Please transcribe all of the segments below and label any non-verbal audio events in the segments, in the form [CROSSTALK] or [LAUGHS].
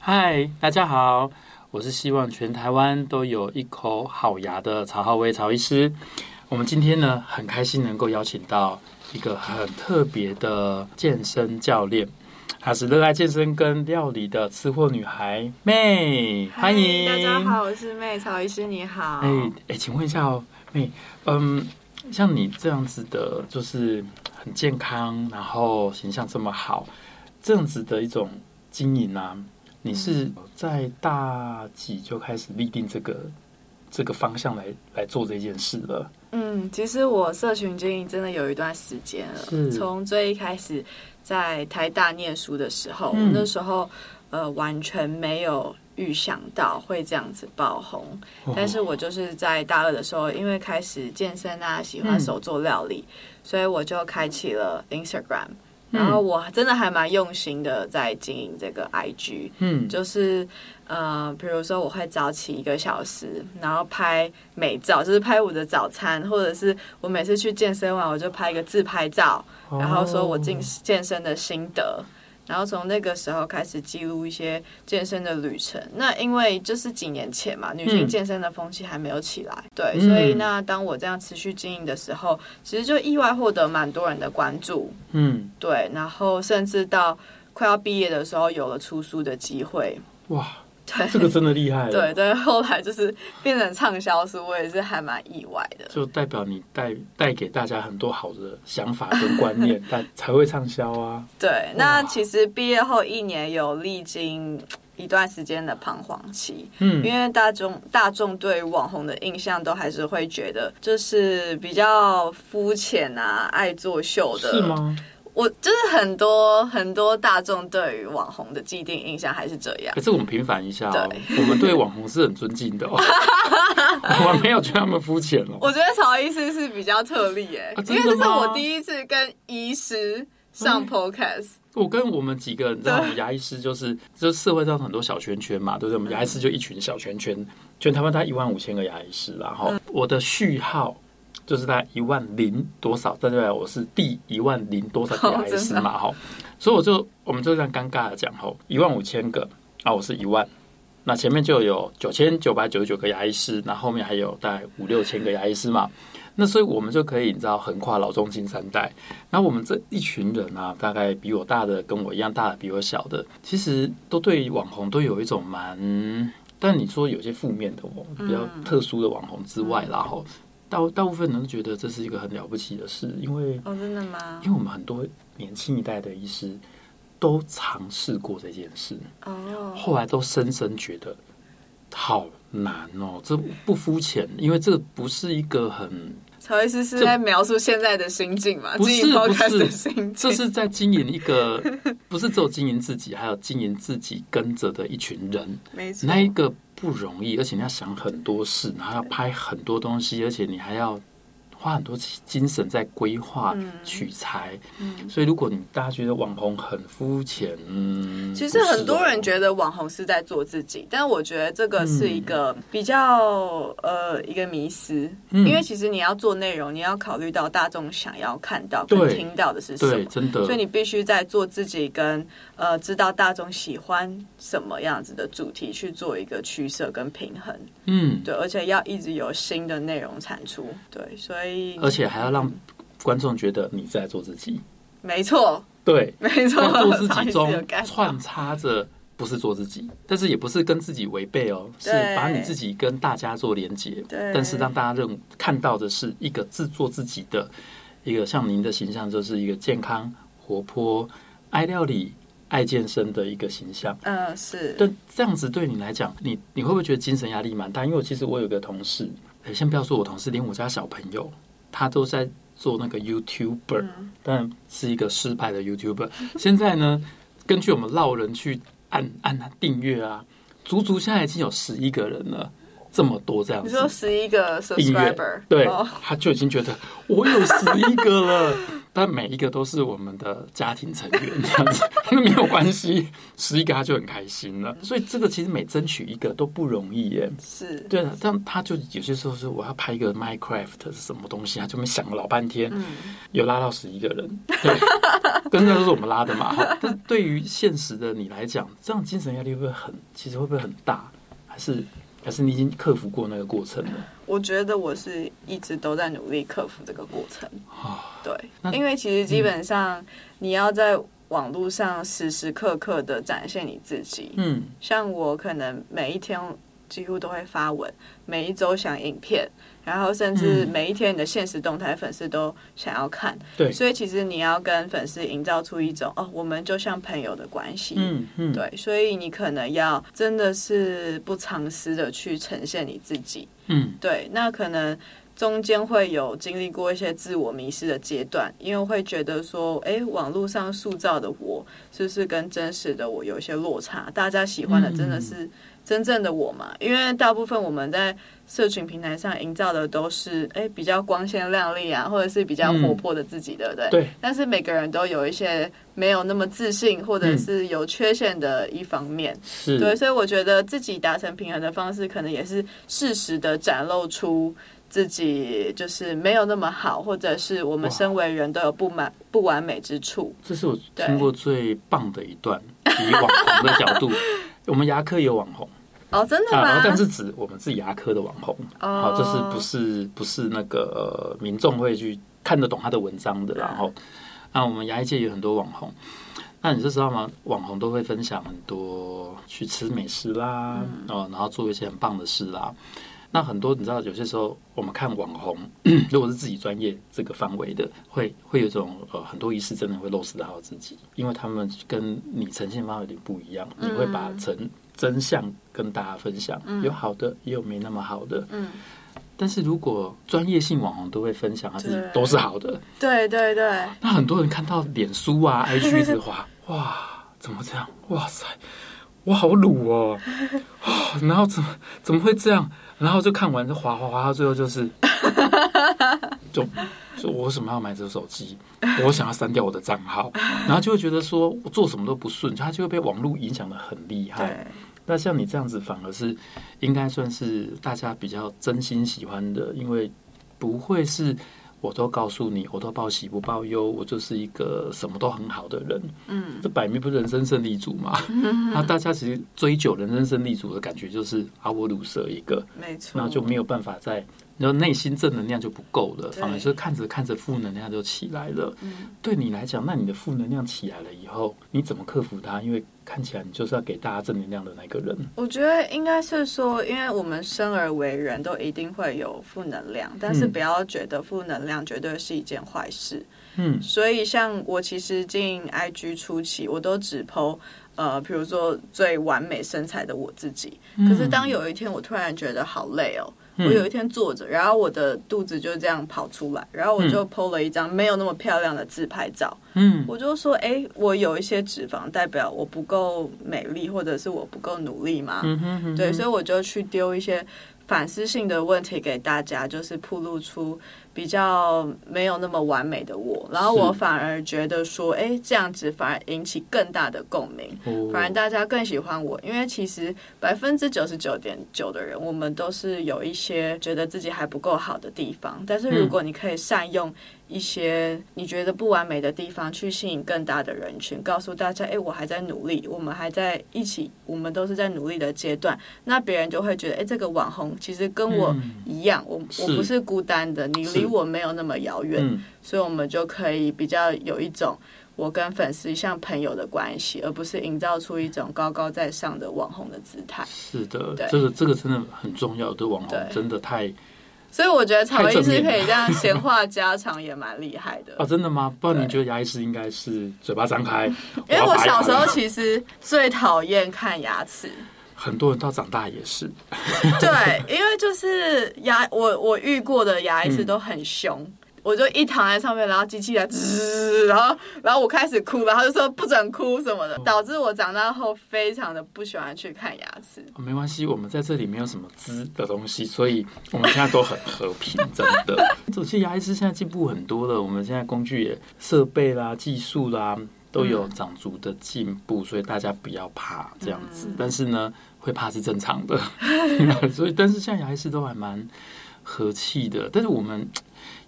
嗨，Hi, 大家好！我是希望全台灣都有一口好牙的曹浩威曹醫師。我們今天呢，很開心能夠邀請到一個很特別的健身教練，她是熱愛健身跟料理的吃貨女孩妹。歡迎 Hi, 大家好，我是妹。曹醫師，你好。哎哎、欸欸，請問一下哦，妹，嗯，像你這樣子的，就是很健康，然後形象這麼好，這樣子的一種經營啊。你是在大幾就開始立定這個這個方向來來做這件事了？嗯，其實我社群經營真的有一段時間了，從是最一開始在台大念書的時候，嗯、那時候呃完全沒有預想到會這樣子爆紅，哦、但是我就是在大二的時候，因為開始健身啊，喜歡手做料理，嗯、所以我就開啟了 Instagram。然後我真的還蠻用心的在經營這個 IG，嗯，就是呃，比如說我會早起一個小時，然後拍美照，就是拍我的早餐，或者是我每次去健身完，我就拍一個自拍照，哦，然後說我健健身的心得。然後從那個時候開始記錄一些健身的旅程，那因為就是幾年前嘛，女性健身的風氣還沒有起來，嗯、對，所以那當我這樣持續經營的時候，其實就意外獲得蠻多人的關注，嗯，對，然後甚至到快要畢業的時候，有了出書的機會，哇。對這個真的厲害。對對，後來就是變成暢銷書，我也是還蠻意外的。就代表你帶帶給大家很多好的想法跟觀念，才 [LAUGHS] 才會暢銷啊。對，哇那其實畢業後一年有歷經一段時間的彷徨期，嗯，因為大眾大眾對網紅的印象都還是會覺得就是比較膚淺啊，愛作秀的，是嗎？我就是很多很多大眾對於網紅的既定印象還是這樣。可是，欸、我們平反一下喔，對我們對網紅是很尊敬的喔， [LAUGHS] 我們沒有覺得他們膚淺喔。我覺得曹醫師是比較特例耶，欸。啊，因為這是我第一次跟醫師上 Podcast，欸。我跟我們幾個你知道，我們牙醫師就是，對就社會上很多小圈圈嘛，對不對？我們牙醫師就一群小圈圈，就他們大概一萬五千個牙醫師，嗯，然後我的序號。就是在一萬零多少，對不對？我是第一萬零多少個牙醫師嘛，吼、oh,，所以我就我們就這樣尷尬的講吼，一萬五千個啊，我是一萬，那前面就有九千九百九十九個牙醫師，那後面還有大概五六千個牙醫師嘛， [LAUGHS] 那所以我們就可以你知道橫跨橫跨老中青三代，那我們這一群人啊，大概比我大的，跟我一樣大的，比我小的，其實都對網紅都有一種蠻，但你說有些負面的哦，比較特殊的網紅之外，然後、嗯。嗯大大部分人都覺得這是一個很了不起的事，因為哦，真的嗎？因為我們很多年輕一代的醫師都嘗試過這件事，哦，後來都深深覺得好難哦，這不膚淺，因為這不是一個很。曹醫師是在描述現在的心境嘛？就，不是，不是，這是在經營一個不是只有經營自己， [LAUGHS] 還有經營自己跟着的一群人，沒錯錯，那一個。不容易，而且你要想很多事，然後要拍很多東西，而且你還要。花很多精神在規劃取材、嗯，所以如果你大家覺得網紅很膚淺，嗯，其實很多人覺得網紅是在做自己，但是我覺得這個是一個比較、嗯、呃一個迷思，嗯、因為其實你要做內容，你要考慮到大眾想要看到跟聽到的是什麼，對對，真的，所以你必須在做自己跟、呃、知道大眾喜歡什麼樣子的主題去做一個取捨跟平衡，嗯，對，而且要一直有新的內容產出，對，所以。而且還要讓觀眾覺得你在做自己、嗯，沒錯，對，沒錯錯，做自己中穿插着不是做自己，哦、但是也不是跟自己違背哦，對是把你自己跟大家做連接，對但是讓大家認看到的是一個自做自己的一個像您的形象，就是一個健康、活潑、愛料理、愛健身的一個形象，嗯，是。但這樣子對你來講，你你會不會覺得精神壓力蠻大？因為其實我有個同事。先不要說，我同事連我家小朋友，他都在做那個 YouTuber，嗯、但是一個失敗的 YouTuber。嗯、現在呢，根據我們老人去按按他訂閱啊，足足現在已經有十一個人了。這麼多這樣子，你說十一個 subscriber，對，他就已經覺得我有十一個了，但每一個都是我們的家庭成員這樣子，那沒有關係，十一個他就很開心了。所以這個其實每爭取一個都不容易耶。是對了，但他就有些時候是我要拍一個 Minecraft 是什麼東西，他就沒想了老半天，有拉到十一個人，對，跟那都是我們拉的嘛。但對於現實的你來講，這樣精神壓力會不會很？其實會不會很大？還是？還是你已經克服過那個過程了？我覺得我是一直都在努力克服這個過程。對，因為其實基本上你要在網路上時時刻刻的展現你自己。嗯，像我可能每一天。幾乎都會發文，每一周想影片，然後甚至每一天你的現實動態，粉絲都想要看。嗯、對，所以其實你要跟粉絲營造出一種哦，我們就像朋友的關係，嗯。嗯嗯，對，所以你可能要真的是不藏私，的去呈現你自己。嗯，對，那可能中間會有經歷過一些自我迷失的階段，因為會覺得說，哎、欸，網絡上塑造的我是不是跟真實的我有一些落差？大家喜歡的真的是。嗯真正的我嘛，因為大部分我們在社群平台上營造的都是哎、欸、比較光鮮亮麗啊，或者是比較活潑的自己的、嗯，對。對。但是每個人都有一些沒有那麼自信，或者是有缺陷的一方面。嗯、是。對，所以我覺得自己達成平衡的方式，可能也是適時的展露出自己就是沒有那麼好，或者是我們身為人都有不滿哇不完美之處。這是我聽過最棒的一段，對以網紅的角度， [LAUGHS] 我們牙科也有網紅。哦，oh, 真的嗎？啊、但是指我們自己牙科的網紅，哦、oh. 啊，這、就是不是不是那個、呃、民眾會去看得懂他的文章的？然後，那、oh. 啊、我們牙醫界也有很多網紅，那你知道嗎？網紅都會分享很多去吃美食啦，哦、mm. 啊，然後做一些很棒的事啦。那很多你知道，有些時候我們看網紅， [COUGHS] 如果是自己專業這個範圍的，會會有一種呃很多儀式真的會落實到自己，因為他們跟你呈現方有點不一樣，mm. 你會把成。真相跟大家分享，嗯、有好的也有沒那麼好的。嗯、但是如果專業性網紅都會分享是，是對都是好的。對對對。那很多人看到臉書啊、IG 一直滑哇，怎麼這樣？哇塞，我好魯哦、喔！然後怎麼怎麼會這樣？然後就看完就滑滑滑，到最後就是 [LAUGHS] 就，就我為什麼要買這個手機？我想要刪掉我的賬號，然後就會覺得說我做什麼都不順，就他就會被網絡影響得很厲害。那像你這樣子反而是，應該算是大家比較真心喜歡的，因為不會是我都告訴你我都報喜不報憂，我就是一個什麼都很好的人。嗯，這擺明不是人生勝利組嘛，嗯嗯，那大家其實追求人生勝利組的感覺就是阿波魯蛇一個，沒錯 錯，那就沒有辦法在。然後內心正能量就不夠了，對反而就是看着看着負能量就起來了。嗯，對你來講，那你的負能量起來了以後，你怎麼克服它？因為看起來你就是要給大家正能量的那個人。我覺得應該是說，因為我們生而為人，都一定會有負能量，但是不要覺得負能量絕對是一件壞事。嗯，所以像我其實進 IG 初期，我都只 po 呃，比如說最完美身材的我自己。可是當有一天我突然覺得好累哦。我有一天坐着，然後我的肚子就這樣跑出來，然後我就 po 了一張沒有那麼漂亮的自拍照。嗯，我就說，哎，我有一些脂肪，代表我不夠美麗，或者是我不夠努力嘛，嗯。嗯對，所以我就去丟一些反思性的問題給大家，就是暴露出。比較沒有那麼完美的我，然後我反而覺得說，哎是、欸，這樣子反而引起更大的共鳴，哦、反而大家更喜歡我，因為其實百分之九十九點九的人，我們都是有一些覺得自己還不夠好的地方，但是如果你可以善用、嗯。一些你覺得不完美的地方，去吸引更大的人群，告訴大家：哎，我還在努力，我們還在一起，我們都是在努力的階段。那別人就會覺得：哎，這個網紅其實跟我一樣，嗯、我是我不是孤單的，你離我沒有那麼遙遠。是所以，我們就可以比較有一種我跟粉絲像朋友的關係，而不是營造出一種高高在上的網紅的姿態。是的，對這個這個真的很重要。對網紅對真的太。所以我覺得曹醫師可以這樣閒話家常，也蠻厲害的、 [LAUGHS] 啊。真的嗎？不然你覺得牙醫師應該是嘴巴張開？對因為我，拔拔我小時候其實最討厭看牙齒，很多人到長大也是。 [LAUGHS] 對，因為就是牙，我我遇過的牙醫師都很凶。嗯我就一躺在上面，然後機器在吱，然後，然後我開始哭，然後就說不准哭什麼的，導致我長大後非常的不喜歡去看牙齒。哦。沒關係，我們在這裡沒有什麼吱的東西，所以我們現在都很和平， [LAUGHS] 真的。而且牙醫師現在進步很多了，我們現在工具也、設備啦、技術啦都有長足的進步，所以大家不要怕這樣子。嗯、但是呢，會怕是正常的， [LAUGHS] [LAUGHS] 所以但是現在牙醫師都還蠻。和氣的，但是我們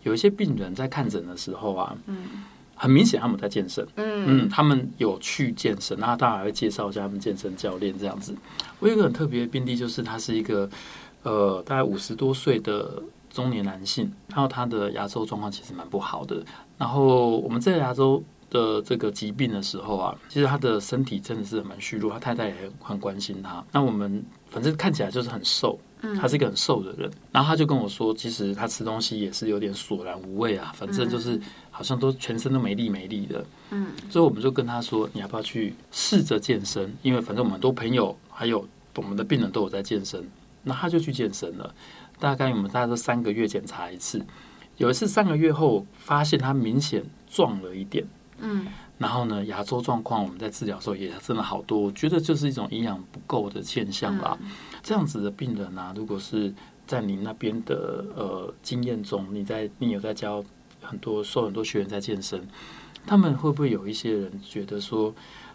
有一些病人在看診的時候啊，嗯，很明顯他們在健身，嗯，嗯，他們有去健身，那他當然還會介紹一下他們健身教練這樣子。我有一個很特別的病例，就是他是一個呃大概五十多歲的中年男性，然後他的牙周狀況其實蠻不好的。然後我們在牙周的這個疾病的時候啊，其實他的身體真的是蠻虛弱，他太太也很關心他。那我們反正看起來就是很瘦。他是一個很瘦的人，然後他就跟我說，其實他吃東西也是有點索然無味啊，反正就是好像都全身都沒力沒力的。嗯，所以我們就跟他說，你要不要去試着健身？因為反正我們很多朋友還有我們的病人都有在健身，那他就去健身了。大概我們大概都三個月檢查一次，有一次三個月後發現他明顯壯了一點。嗯。然後呢，牙周狀況我們在治療的時候也真的好多，我覺得就是一種營養不夠的現象啦。嗯、這樣子的病人呢、啊，如果是在您那邊的呃經驗中，你在你有在教很多受很多學員在健身，他們會不會有一些人覺得說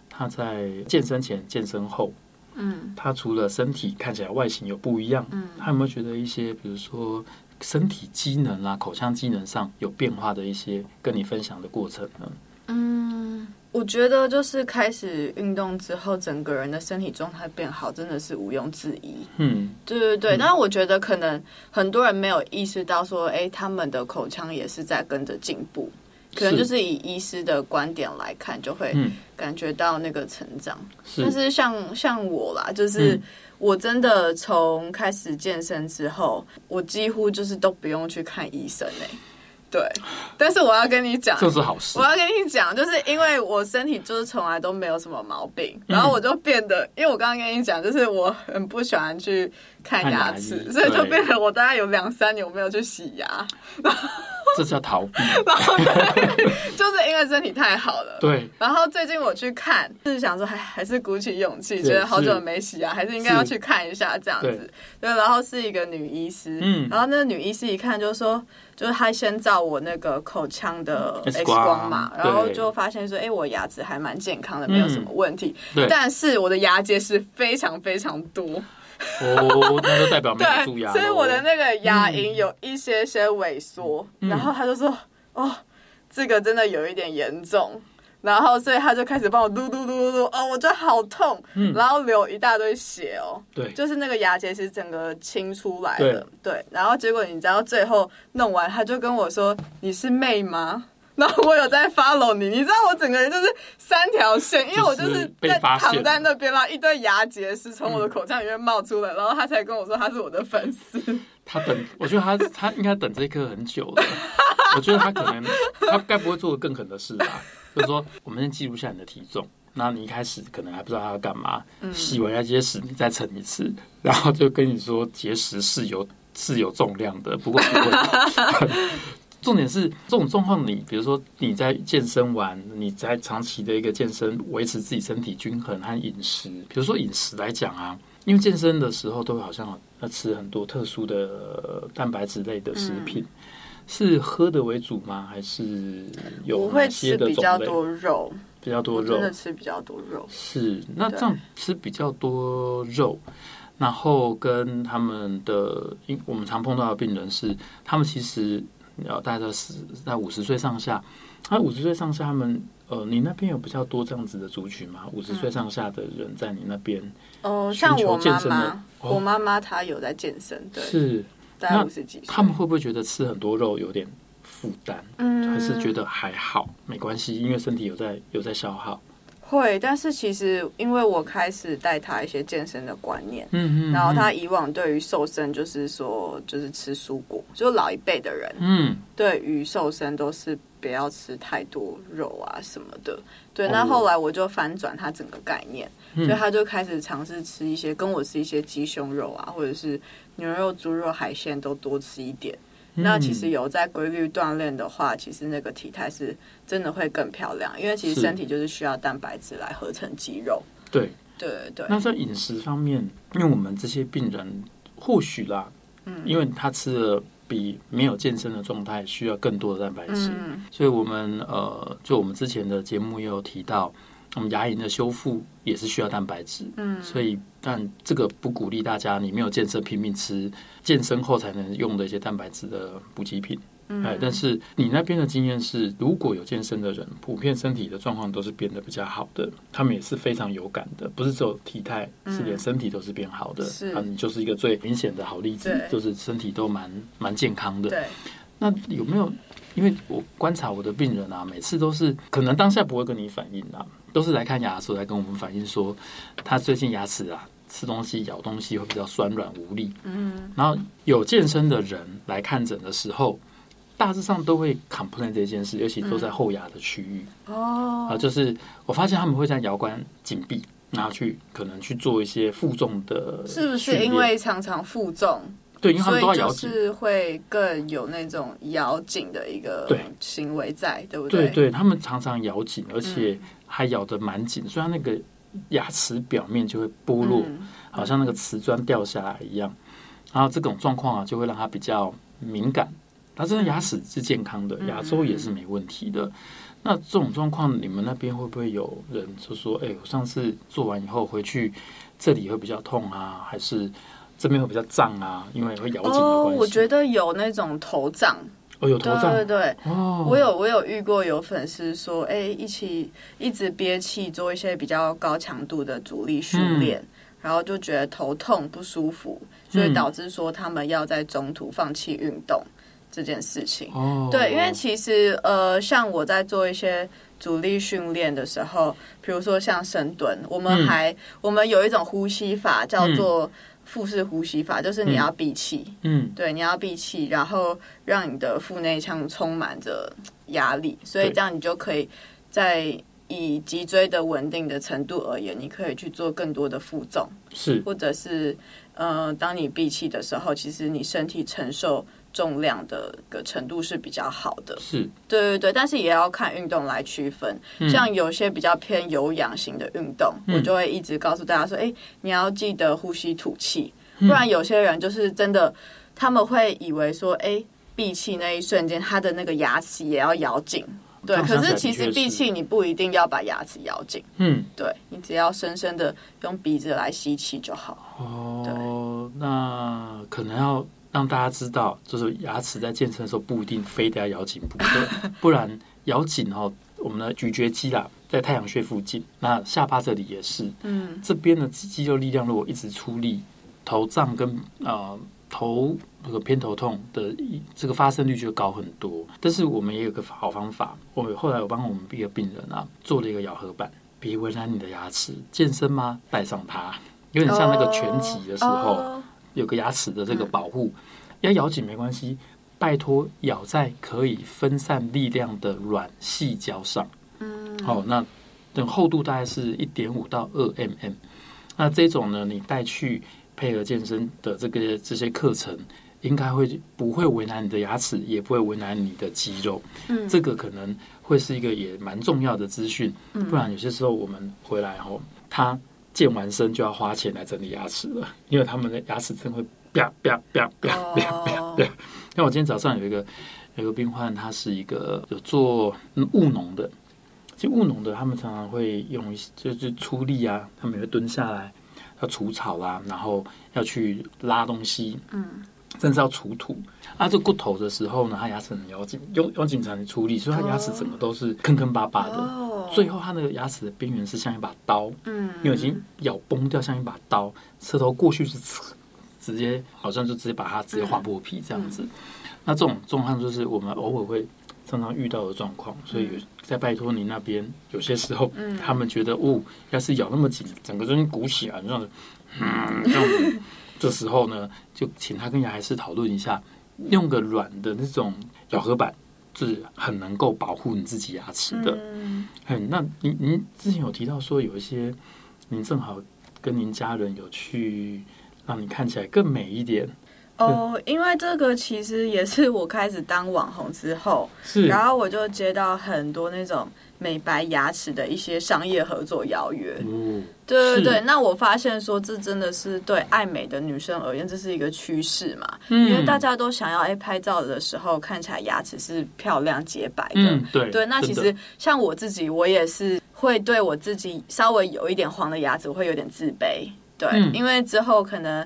他在健身前、健身後，嗯，他除了身體看起來外形有不一樣，嗯、他有沒有覺得一些，比如說身體機能啊、口腔機能上有變化的一些跟你分享的過程呢？嗯，我覺得就是開始運動之後，整個人的身體狀態變好，真的是毋庸置疑。嗯，對對對。嗯、那我覺得可能很多人沒有意識到說，說哎，他們的口腔也是在跟着進步。可能就是以醫師的觀點來看，就會感覺到那個成長。嗯、但是像像我啦，就是我真的從開始健身之後，我幾乎就是都不用去看醫生哎、欸。對，但是我要跟你講，就是好事。我要跟你講，就是因為我身體就是從來都沒有什麼毛病，嗯、然後我就變得，因為我剛剛跟你講，就是我很不喜歡去看牙齒，所以就變得我大概有兩三年我沒有去洗牙。然後這叫要逃避？然後對就是因為身體太好了。對。然後最近我去看，就是想說，還還是鼓起勇氣，是覺得好久沒洗牙還是應該要去看一下是這樣子。對，對。然後是一個女醫師，嗯，然後那個女醫師一看就說。就是他先照我那個口腔的 X 光嘛， S 光然後就發現說，哎對、欸，我牙齒還蠻健康的，嗯、沒有什麼問題，對但是我的牙結石非常非常多，哦，oh, [LAUGHS] 那就代表沒有蛀牙。對，所以我的那個牙齦有一些些萎縮，嗯、然後他就說，哦，這個真的有一點嚴重。然後，所以他就開始幫我嘟嘟嘟嘟嘟。哦，我覺得好痛，嗯、然後流一大堆血哦，對，就是那個牙結石整個清出來了，對，對，然後結果你知道最後弄完，他就跟我說，你是妹嗎？然後我有在 follow 你，你知道我整個人就是三條線，因為我就是在躺在那邊啦，是了然後，一堆牙結石從我的口腔裡面冒出來，嗯、然後他才跟我說他是我的粉絲，他等，我覺得他他應該等這一刻很久了， [LAUGHS] 我覺得他可能他該不會做更狠的事吧？啊？就是 [LAUGHS] 說，我們先記錄下你的體重。那你一開始可能還不知道他要幹嘛。洗完要節食，你再稱一次，然後就跟你說節食是有是有重量的，不過不會。 [LAUGHS] 重點是這種狀況，你比如說你在健身完，你在長期的一個健身維持自己身體均衡和飲食。比如說飲食來講啊，因為健身的時候都會好像要吃很多特殊的蛋白質類的食品。嗯是喝的為主嗎？還是有些我會吃比較多肉，比較多肉，真的吃比較多肉。是。那這樣吃比較多肉，對然後跟他們的，因我們常碰到的病人是他們其實要帶到十，在五十歲上下，啊，五十歲上下他們呃，你那邊有比較多這樣子的族群嗎？五十歲上下的人在你那邊？嗯，身像我媽媽，哦，我媽媽她有在健身，對。是。那他們會不會覺得吃很多肉有點負擔？還是覺得還好，沒關係，因為身體有在有在消耗。會，但是其實因為我開始帶他一些健身的觀念，嗯嗯，然後他以往對於瘦身就是說，就是吃蔬果，就老一輩的人，嗯，對於瘦身都是不要吃太多肉啊什麼的，對。那後來我就反轉他整個概念，嗯，所以他就開始嘗試吃一些跟我吃一些雞胸肉啊，或者是牛肉、豬肉、海鮮都多吃一點。嗯，那其實有在規律鍛鍊的話，其實那個體態是真的會更漂亮，因為其實身體就是需要蛋白質來合成肌肉。對對對。對對，那在飲食方面，因為我們這些病人或許啦，嗯，因為他吃了比沒有健身的狀態需要更多的蛋白質，嗯，所以我們呃，就我們之前的節目也有提到，我、嗯、們牙齦的修復也是需要蛋白質，嗯，所以。但這個不鼓勵大家，你沒有健身拼命吃健身後才能用的一些蛋白質的補給品。嗯，哎，但是你那邊的經驗是，如果有健身的人，普遍身體的狀況都是變得比較好的，他們也是非常有感的，不是只有體態，是連身體都是變好的。嗯、是、啊，你就是一個最明顯的好例子，對就是身體都蠻蠻健康的。對那有沒有？因為我觀察我的病人啊，每次都是可能當下不會跟你反映啊，都是來看牙齒來跟我們反映說，他最近牙齒啊。吃東西、咬東西會比較酸軟無力。嗯，然後有健身的人來看診的時候，大致上都會 complain 這件事，尤其都在後牙的區域。嗯、哦，啊，就是我發現他們會在牙關緊閉，然後去可能去做一些負重的，是不是因為常常負重？對，因為他們都要咬緊，所以就是會更有那種咬緊的一個行為在，對，對不對？對，對，他們常常咬緊，而且還咬得蠻緊，嗯、雖然那個。牙齒表面就會剝落，好像那個瓷磚掉下來一樣。嗯、然後這種狀況啊，就會讓它比較敏感。但是牙齒是健康的，牙周也是沒問題的。嗯、那這種狀況，你們那邊會不會有人就說：“哎，我上次做完以後回去，這裡會比較痛啊，還是這邊會比較脹啊？”因為會咬緊的關係，哦、我覺得有那種頭脹。有頭脹，對對對，oh. 我有我有遇過有粉絲說，哎、欸，一起一直憋氣做一些比較高強度的阻力訓練，嗯、然後就覺得頭痛不舒服，所以導致說他們要在中途放棄運動這件事情。Oh. 對，因為其實呃，像我在做一些阻力訓練的時候，比如說像深蹲，我們還、嗯、我們有一種呼吸法叫做。嗯腹式呼吸法，就是你要閉氣，嗯，對，你要閉氣，然後讓你的腹內腔充滿着壓力，所以這樣你就可以在以脊椎的穩定的程度而言，你可以去做更多的負重，是、嗯，或者是，嗯、呃，當你閉氣的時候，其實你身體承受。重量的個程度是比較好的，是對對對，但是也要看運動來區分。嗯、像有些比較偏有氧型的運動，嗯、我就會一直告訴大家說：“哎、欸，你要記得呼吸吐氣，嗯、不然有些人就是真的他們會以為說：哎、欸，閉氣那一瞬間，他的那個牙齒也要咬緊。對，可是其實閉氣你不一定要把牙齒咬緊，嗯，對，你只要深深的用鼻子來吸氣就好。哦，對，那可能要、嗯。讓大家知道，就是牙齒在健身的時候不一定非得要咬緊不，不然咬緊哦，我們的咀嚼肌啦、啊，在太陽穴附近，那下巴這裡也是，嗯，這邊的肌肉力量如果一直出力，頭脹跟呃頭那個偏頭痛的這個發生率就會高很多。但是我們也有個好方法，我後來有幫我們一個病人啊做了一個咬合板，別為難你的牙齒健身嗎？戴上它，有點像那個拳擊的時候。Oh, oh. 有個牙齒的這個保護，嗯、要咬緊沒關係，拜托咬在可以分散力量的軟矽膠上。嗯，好、哦，那等厚度大概是一點五到二 mm。那這種呢，你帶去配合健身的這個這些課程，應該會不會為難你的牙齒，也不會為難你的肌肉。嗯、這個可能會是一個也蠻重要的資訊。不然有些時候我們回來後、哦，它。健完身就要花錢來整理牙齒了，因為他們的牙齒真的會啪啪啪啪啪啪啪。那、Oh. 我今天早上有一個，有個病患，他是一個有做務農的，就務農的，他們常常會用，就是出力啊，他們也會蹲下來要除草啦，啊，然後要去拉東西，嗯，甚至要除土。Mm. 啊，這骨頭的時候呢，他牙齒很要緊，用用緊才能出力，所以他牙齒整個都是坑坑巴巴的。Oh. Oh. 最後，他那個牙齒的邊緣是像一把刀，嗯，因為已經咬崩掉，像一把刀，舌頭過去是，直接好像就直接把它直接劃破皮這樣子。嗯嗯、那這種狀況就是我們偶爾會常常遇到的狀況，所以在、嗯、拜托你那邊，有些時候，他們覺得、嗯、哦，要是咬那麼緊，整個人鼓起來這樣子，嗯，這樣子， [LAUGHS] 這時候呢，就請他跟牙醫師討論一下，用個軟的那種咬合板。是很能夠保護你自己牙齒的。嗯，那您您之前有提到說有一些，您正好跟您家人有去讓你看起來更美一點。哦，oh, 因為這個其實也是我開始當網紅之後，是然後我就接到很多那種美白牙齒的一些商業合作邀約，哦、對對對。是那我發現說，這真的是對愛美的女生而言，這是一個趨勢嘛。嗯、因為大家都想要哎拍照的時候看起來牙齒是漂亮潔白的，嗯、對。對，那其實像我自己，我也是會對我自己稍微有一點黃的牙齒，我會有點自卑，對，嗯、因為之後可能。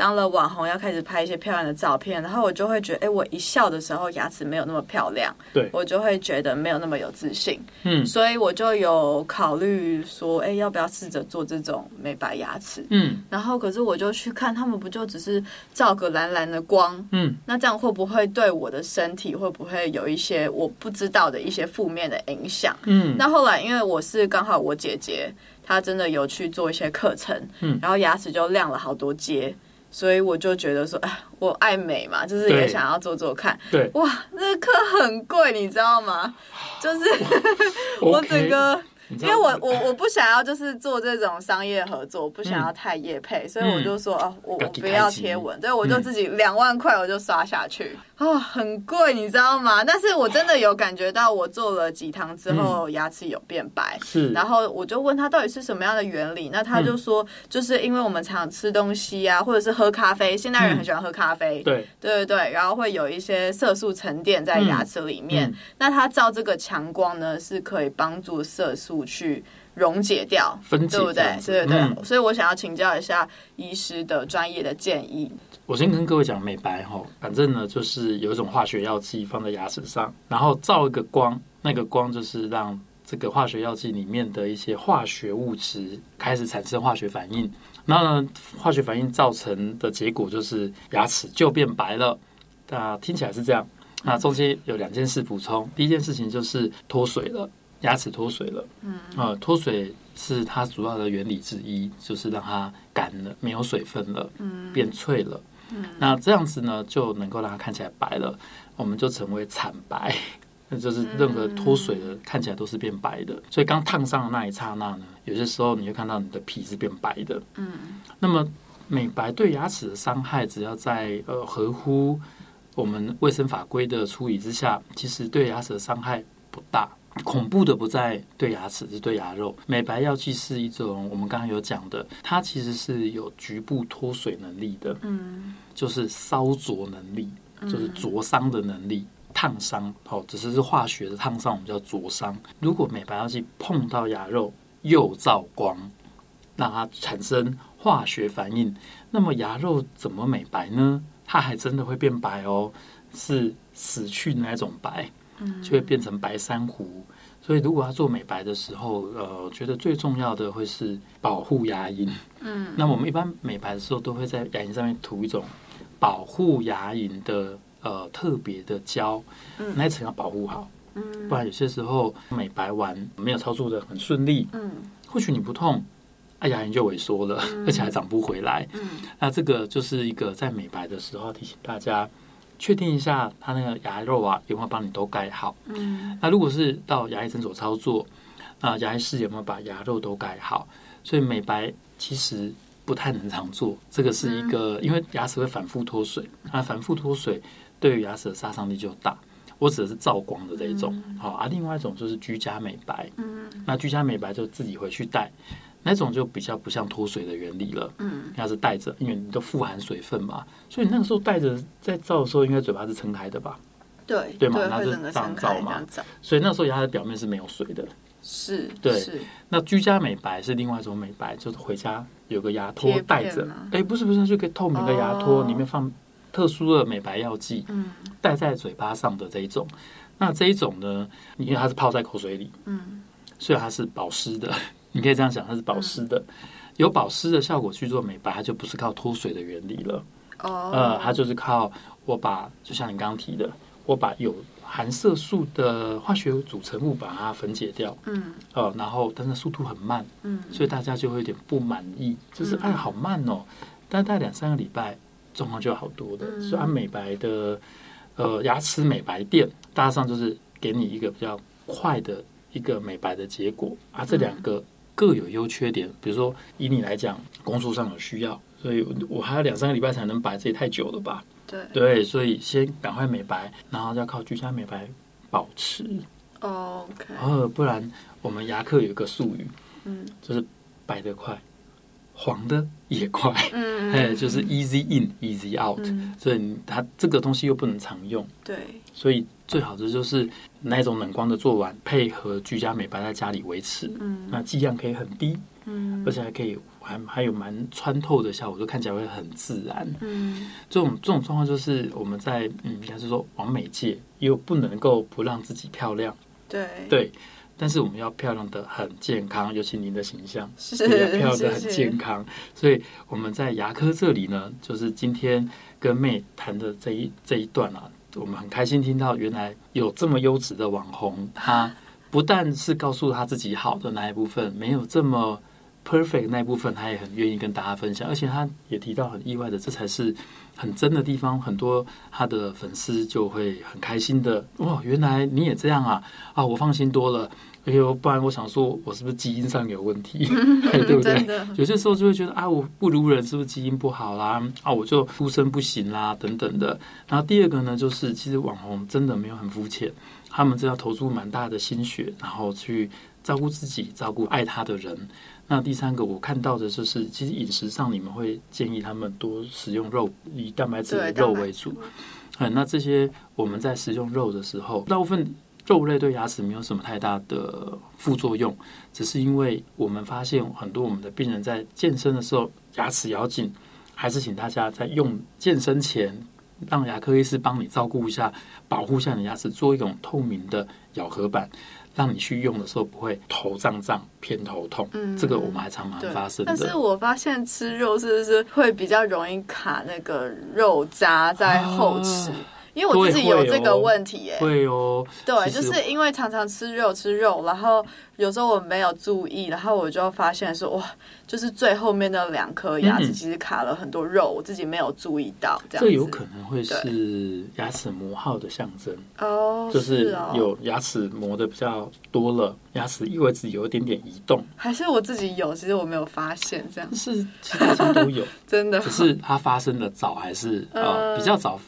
當了網紅要開始拍一些漂亮的照片，然後我就會覺得，哎、欸，我一笑的時候牙齒沒有那麼漂亮，對我就會覺得沒有那麼有自信。嗯，所以我就有考慮說，哎、欸，要不要試着做這種美白牙齒？嗯，然後可是我就去看他們，不就只是照個藍藍的光？嗯，那這樣會不會對我的身體會不會有一些我不知道的一些負面的影響？嗯，那後來因為我是剛好我姐姐她真的有去做一些課程，嗯，然後牙齒就亮了好多階。所以我就覺得說，哎，我愛美嘛，就是也想要做做看。對，對，哇，那個課很貴，你知道嗎？就是我， [LAUGHS] 我整個。因為我我我不想要就是做這種商業合作，不想要太業配，嗯、所以我就說哦，我我不要貼文，所以我就自己兩萬塊我就刷下去啊、嗯哦，很貴你知道嗎？但是我真的有感覺到我做了幾堂之後、嗯、牙齒有變白，是，然後我就問他到底是什麼樣的原理，那他就說、嗯、就是因為我們常吃東西啊，或者是喝咖啡，現代人很喜歡喝咖啡，對、嗯，對對對，然後會有一些色素沉澱在牙齒裡面，嗯嗯、那它照這個強光呢是可以幫助色素。去溶解掉，分解，對不對？所以、嗯，所以我想要請教一下醫師的專業的建議。我先跟各位講美白哈、哦，反正呢，就是有一種化學藥劑放在牙齒上，然後照一個光，那個光就是讓這個化學藥劑裡面的一些化學物質開始產生化學反應，那化學反應造成的結果就是牙齒就變白了。那聽起來是這樣，那中間有兩件事補充，嗯、第一件事情就是脫水了。牙齒脫水了，嗯，呃、脫水是它主要的原理之一，就是讓它乾了，沒有水分了，嗯、變脆了，嗯、那這樣子呢，就能夠讓它看起來白了，我們就成為慘白，那 [LAUGHS] 就是任何脫水的，嗯、看起來都是變白的。所以剛燙傷的那一剎那呢，有些時候你就看到你的皮是變白的，嗯，那麼美白對牙齒的傷害，只要在呃合乎我們衛生法規的處理之下，其實對牙齒的傷害不大。恐怖的不在對牙齒，是對牙肉。美白藥劑是一種，我們剛剛有講的，它其實是有局部脫水能力的，嗯、就是燒灼能力，就是灼傷的能力，嗯、燙傷，好、哦，只是是化學的燙傷，我們叫灼傷。如果美白藥劑碰到牙肉又照光，讓它產生化學反應，那麼牙肉怎麼美白呢？它還真的會變白哦，是死去的那種白。就會變成白珊瑚，所以如果要做美白的時候，呃，我覺得最重要的會是保護牙齦。嗯，那我們一般美白的時候都會在牙齦上面塗一種保護牙齦的呃特別的膠，嗯、那一層要保護好。嗯，不然有些時候美白完沒有操作得很順利，嗯，或許你不痛，啊、牙齦就萎縮了，嗯、而且還長不回來。嗯嗯、那這個就是一個在美白的時候提醒大家。確定一下他那個牙肉啊，有沒有幫你都蓋好？那、嗯啊、如果是到牙醫診所操作，啊，牙醫師有沒有把牙肉都蓋好？所以美白其實不太能常做，這個是一個，嗯、因為牙齒會反覆脫水啊，反覆脫水對於牙齒的殺傷力就大。我指的是照光的這一種，好而、嗯啊、另外一種就是居家美白。嗯、那居家美白就自己回去戴，那種就比較不像脫水的原理了。嗯，它是帶着，因為你都富含水分嘛，所以那個時候帶着在照的時候，應該嘴巴是撐開的吧？對，對嘛，然後就這樣照嘛。所以那時候牙的表面是沒有水的。是，對。那居家美白是另外一種美白，就是回家有個牙托帶着。哎，不是不是，就一個透明的牙托，裡面放特殊的美白藥劑，嗯，戴在嘴巴上的這一種。那這一種呢，因為它是泡在口水裡，嗯，所以它是保濕的。你可以這樣講，它是保濕的，嗯、有保濕的效果去做美白，它就不是靠脫水的原理了。哦，oh. 呃，它就是靠我把，就像你剛剛提的，我把有含色素的化學組成物把它分解掉。嗯，哦、呃，然後但是速度很慢。嗯，所以大家就會有點不滿意，就是、嗯、哎，好慢哦。大概兩三個禮拜狀況就好多的。嗯、所以按美白的，呃，牙齒美白墊搭上，就是給你一個比較快的一個美白的結果而、啊、這兩個。嗯各有優缺點，比如說，以你來講，工作上有需要，所以我還有兩三個禮拜才能白，這也太久了吧？嗯、對，對，所以先趕快美白，然後要靠居家美白保持。哦、嗯 oh, okay. 不然我們牙科有一個術語，嗯、就是白的快，黃的也快。嗯 [LAUGHS] 就是、e、in, easy in，easy out，、嗯、所以它這個東西又不能常用。對，所以。最好的就是那一種冷光的做完，配合居家美白，在家裡維持，嗯、那劑量可以很低，嗯、而且還可以，還還有蠻穿透的效果，就看起來會很自然。嗯，這，這種這種狀況就是我們在嗯，應、就、該是說往美界又不能夠不讓自己漂亮，對對，但是我們要漂亮的很健康，尤其您的形象，是對、啊，漂亮的很健康。是是，所以我們在牙科這裡呢，就是今天跟妹談的這一這一段啊我們很開心聽到，原來有這麼優質的網紅，他不但是告訴他自己好的那一部分，沒有這麼 perfect 那一部分，他也很願意跟大家分享。而且他也提到很意外的，這才是很真的地方，很多他的粉絲就會很開心的。哇，原來你也這樣啊！啊，我放心多了。哎呦，不然我想說，我是不是基因上有問題，對不對？ [LAUGHS] 的有些時候就會覺得啊，我不如人，是不是基因不好啦、啊？啊，我就出身不行啦、啊，等等的。然後第二個呢，就是其實網紅真的沒有很膚淺，他們真要投入蠻大的心血，然後去照顧自己，照顧愛他的人。那第三個，我看到的就是，其實飲食上，你們會建議他們多食用肉，以蛋白質的肉為主。嗯，那這些我們在食用肉的時候，大部分。肉類對牙齒沒有什麼太大的副作用，只是因為我們發現很多我們的病人在健身的時候牙齒咬緊，還是請大家在用健身前讓牙科醫師幫你照顧一下，保護一下你牙齒，做一種透明的咬合板，讓你去用的時候不會頭脹脹、偏頭痛。嗯，這個我們還常常發生的。但是我發現吃肉是不是會比較容易卡那個肉渣在後齒？啊因為我自己有這個問題、欸，哎，會哦、喔，對、欸，就是因為常常吃肉，吃肉，然後有時候我沒有注意，然後我就發現說，哇，就是最後面那兩顆牙齒其實卡了很多肉，嗯、我自己沒有注意到，這樣子，這有可能會是牙齒磨耗的象徵哦，oh, 就是有牙齒磨得比較多了，牙齒位置有一點點移動，還是我自己有，其實我沒有發現這樣子，是其實都有，真的、喔，可是它發生的早還是、嗯、比較早。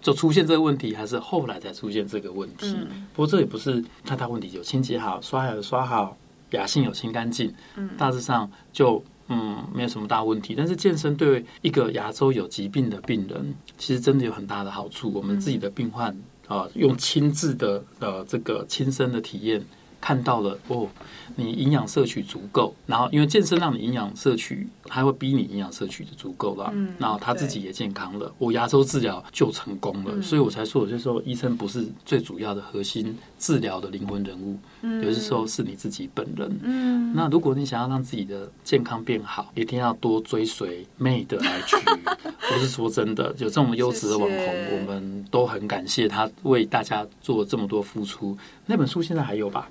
就出現這個問題，還是後來才出現這個問題。嗯、不過這也不是太大問題，有清潔好，刷牙有刷好，牙線有清乾淨，嗯、大致上就嗯沒有什麼大問題。但是健身對一個牙周有疾病的病人，其實真的有很大的好處。我們自己的病患、嗯、啊，用親自的呃這個親身的體驗。看到了哦，你營養攝取足夠，然後因為健身讓你營養攝取，它會逼你營養攝取就足夠了。嗯，那他自己也健康了，對我牙周治療就成功了，嗯、所以我才說，有些時候醫生不是最主要的核心治療的靈魂人物，嗯、有些時候是你自己本人。嗯，那如果你想要讓自己的健康變好，一定要多追隨妹的來去。 [LAUGHS] 我是說真的，有這麼優質的網紅，謝謝我們都很感謝他為大家做這麼多付出。那本書現在還有吧？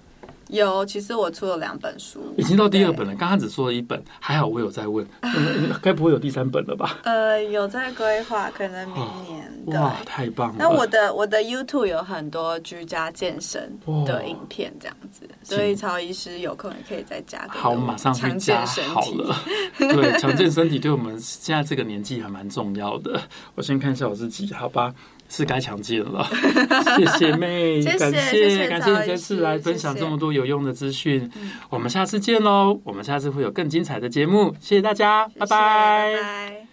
有，其實我出了兩本書，已經到第二本了。對剛剛只說了一本，還好我有在問， [LAUGHS] 嗯、該不會有第三本了吧？呃，有在規劃，可能明年。哦、對哇，太棒了！那我的我的 YouTube 有很多居家健身的影片，這樣子，哇所以曹醫師有空也可以再加給我們。好，我馬上去加身體。對，強健身體對我們現在這個年紀還蠻重要的。 [LAUGHS] 我先看一下我自己，好吧。是該搶鏡了，謝謝妹， [LAUGHS] 感謝，謝，謝感謝你這次來分享這麼多有用的資訊，謝謝我們下次見嘍，我們下次會有更精彩的節目，謝謝大家，謝謝拜拜。拜拜。